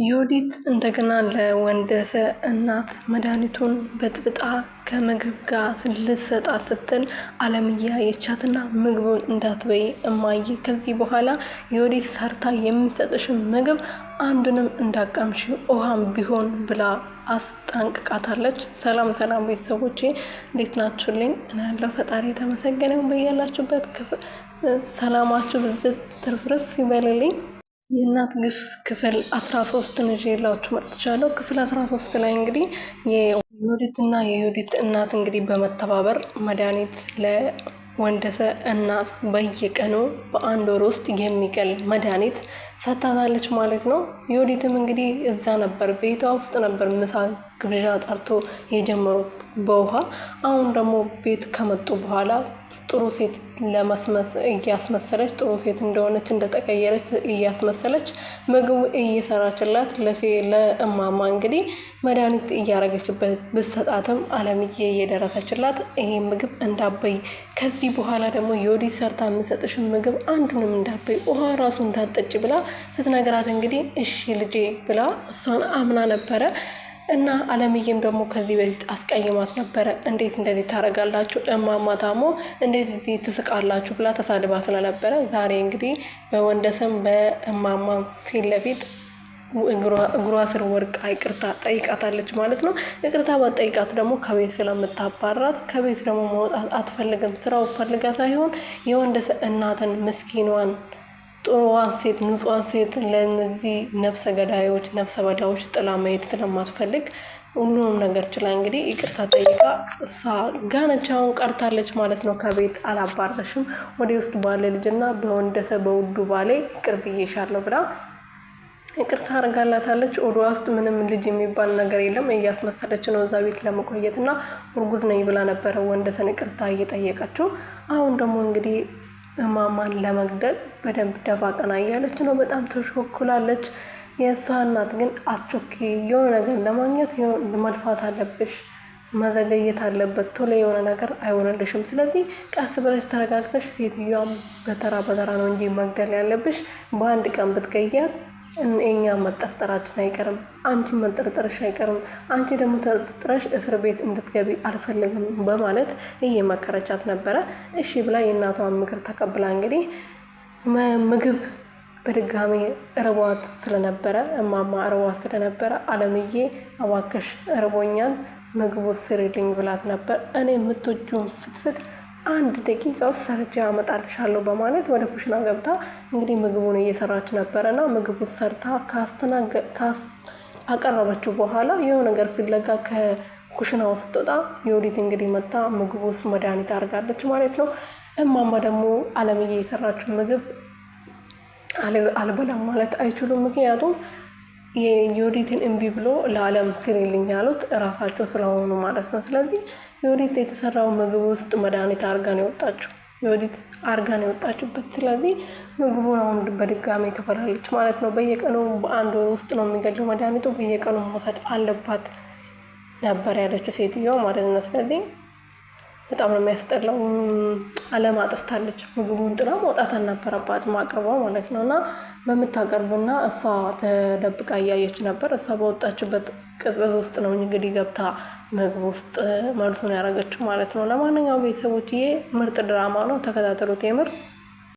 ዮዲት እንደገና ለወንደሰ እናት መድኃኒቱን በጥብጣ ከምግብ ጋር ልትሰጣት ስትል አለምያ የቻትና ምግቡን እንዳትበይ እማዬ፣ ከዚህ በኋላ ዮዲት ሰርታ የሚሰጥሽን ምግብ አንዱንም እንዳቃምሽ ውሃም ቢሆን ብላ አስጠንቅቃታለች። ሰላም ሰላም ቤተሰቦች እንዴት ናችሁልኝ? እና ያለው ፈጣሪ የተመሰገነው በያላችሁበት ሰላማችሁ ብዝት ትርፍርፍ ይበልልኝ። የእናት ግፍ ክፍል አስራ ሶስትን ይዤላችሁ መጥቻለሁ። ክፍል አስራ ሶስት ላይ እንግዲህ የዮዲት እና የዮዲት እናት እንግዲህ በመተባበር መድኃኒት ለወንደሰ እናት በየቀኑ በአንድ ወር ውስጥ የሚገል መድኃኒት ሰታታለች ማለት ነው። ዮዲትም እንግዲህ እዛ ነበር ቤቷ ውስጥ ነበር ምሳ ግብዣ ጠርቶ የጀመሩት በውሃ አሁን ደግሞ ቤት ከመጡ በኋላ ጥሩ ሴት ለማስመስ እያስመሰለች ጥሩ ሴት እንደሆነች እንደተቀየረች እያስመሰለች ምግብ እየሰራችላት ለእማማ እንግዲህ መድኃኒት እያረገችበት ብሰጣትም አለምዬ እየደረሰችላት ይሄ ምግብ እንዳበይ ከዚህ በኋላ ደግሞ የወዲህ ሰርታ የምሰጥሽን ምግብ አንዱንም እንዳበይ ውሃ ራሱ እንዳጠጭ ብላ ስትነግራት እንግዲህ እሺ ልጄ ብላ እሷን አምና ነበረ። እና አለምዬም ደግሞ ከዚህ በፊት አስቀይማት ነበረ። እንዴት እንደዚህ ታደርጋላችሁ እማማ ታሞ እንዴት እዚህ ትስቃላችሁ ብላ ተሳድባ ስለነበረ ዛሬ እንግዲህ በወንደሰን በእማማ ፊት ለፊት እግሯ ስር ወድቃ ይቅርታ ጠይቃታለች ማለት ነው። ይቅርታ ባጠይቃት ደግሞ ከቤት ስለምታባራት ከቤት ደግሞ መውጣት አትፈልግም። ስራው ፈልጋ ሳይሆን የወንደሰ እናትን ምስኪኗን ጥሩዋን ሴት ንጹዋን ሴት ለነዚህ ነፍሰ ገዳዮች፣ ነፍሰ በዳዎች ጥላ መሄድ ስለማትፈልግ ሁሉንም ነገር ችላ እንግዲህ ይቅርታ ጠይቃ እሷ ጋነቻውን ቀርታለች ማለት ነው። ከቤት አላባረሽም ወደ ውስጥ ባለ ልጅና በወንደሰ በውዱ ባሌ ይቅር ብዬሻለሁ ብላ ይቅርታ አርጋላታለች። ወደ ውስጥ ምንም ልጅ የሚባል ነገር የለም። እያስመሰለች ነው እዛ ቤት ለመቆየትና እርጉዝ ነኝ ብላ ነበረ ወንደሰን ይቅርታ እየጠየቀችው አሁን ደግሞ እንግዲህ እማማን ለመግደል በደንብ ደፋ ቀና እያለች ነው። በጣም ተሾኩላለች። የእሷ እናት ግን አትቾኪ፣ የሆነ ነገር ለማግኘት መልፋት አለብሽ፣ መዘገየት አለበት፣ ቶሎ የሆነ ነገር አይሆንልሽም። ስለዚህ ቀስ ብለሽ ተረጋግተሽ ሴትዮዋም በተራ በተራ ነው እንጂ መግደል ያለብሽ፣ በአንድ ቀን ብትገያት እኛ መጠርጠራችን አይቀርም። አንቺ መጠርጠርሽ አይቀርም። አንቺ ደግሞ ተጠርጥረሽ እስር ቤት እንድትገቢ አልፈልግም በማለት እየመከረቻት ነበረ። እሺ ብላ የእናቷን ምክር ተቀብላ እንግዲህ ምግብ በድጋሚ እርቧት ስለነበረ እማማ እርቧት ስለነበረ አለምዬ አዋክሽ እርቦኛል ምግቡ ስሪልኝ ብላት ነበር። እኔ የምትወጂውን ፍትፍት አንድ ደቂቃ ውስጥ ሰርቼ አመጣልሻለሁ በማለት ወደ ኩሽና ገብታ እንግዲህ ምግቡን እየሰራች ነበረና ምግቡ ሰርታ አቀረበችው በኋላ የሆነ ነገር ፍለጋ ከኩሽናው ስትወጣ የወዲት እንግዲህ መታ ምግቡ ውስጥ መድኃኒት አድርጋለች ማለት ነው። እማማ ደግሞ አለምዬ የሰራችው ምግብ አልበላም ማለት አይችሉም። ምክንያቱም የዮዲትን እምቢ ብሎ ለዓለም ስሪልኝ ያሉት እራሳቸው ስለሆኑ ማለት ነው። ስለዚህ ዮዲት የተሰራው ምግብ ውስጥ መድኃኒት አርጋን የወጣችው ዮዲት አርጋን የወጣችበት። ስለዚህ ምግቡን አሁን በድጋሚ ትበላለች ማለት ነው። በየቀኑ በአንድ ወር ውስጥ ነው የሚገድለው መድኃኒቱ፣ በየቀኑ መውሰድ አለባት ነበር ያለችው ሴትዮ ማለት ነው። ስለዚህ በጣም ነው የሚያስጠላው። አለም አጥፍታለች። ምግቡን ጥላ መውጣት አልነበረባት ማቅርቧ ማለት ነው። እና በምታቀርቡና እሷ ተደብቃ እያየች ነበር። እሷ በወጣችበት ቅጽበት ውስጥ ነው እንግዲህ ገብታ ምግብ ውስጥ መልሱን ያደረገችው ማለት ነው። ለማንኛውም ይሄ ምርጥ ድራማ ነው፣ ተከታተሉት የምር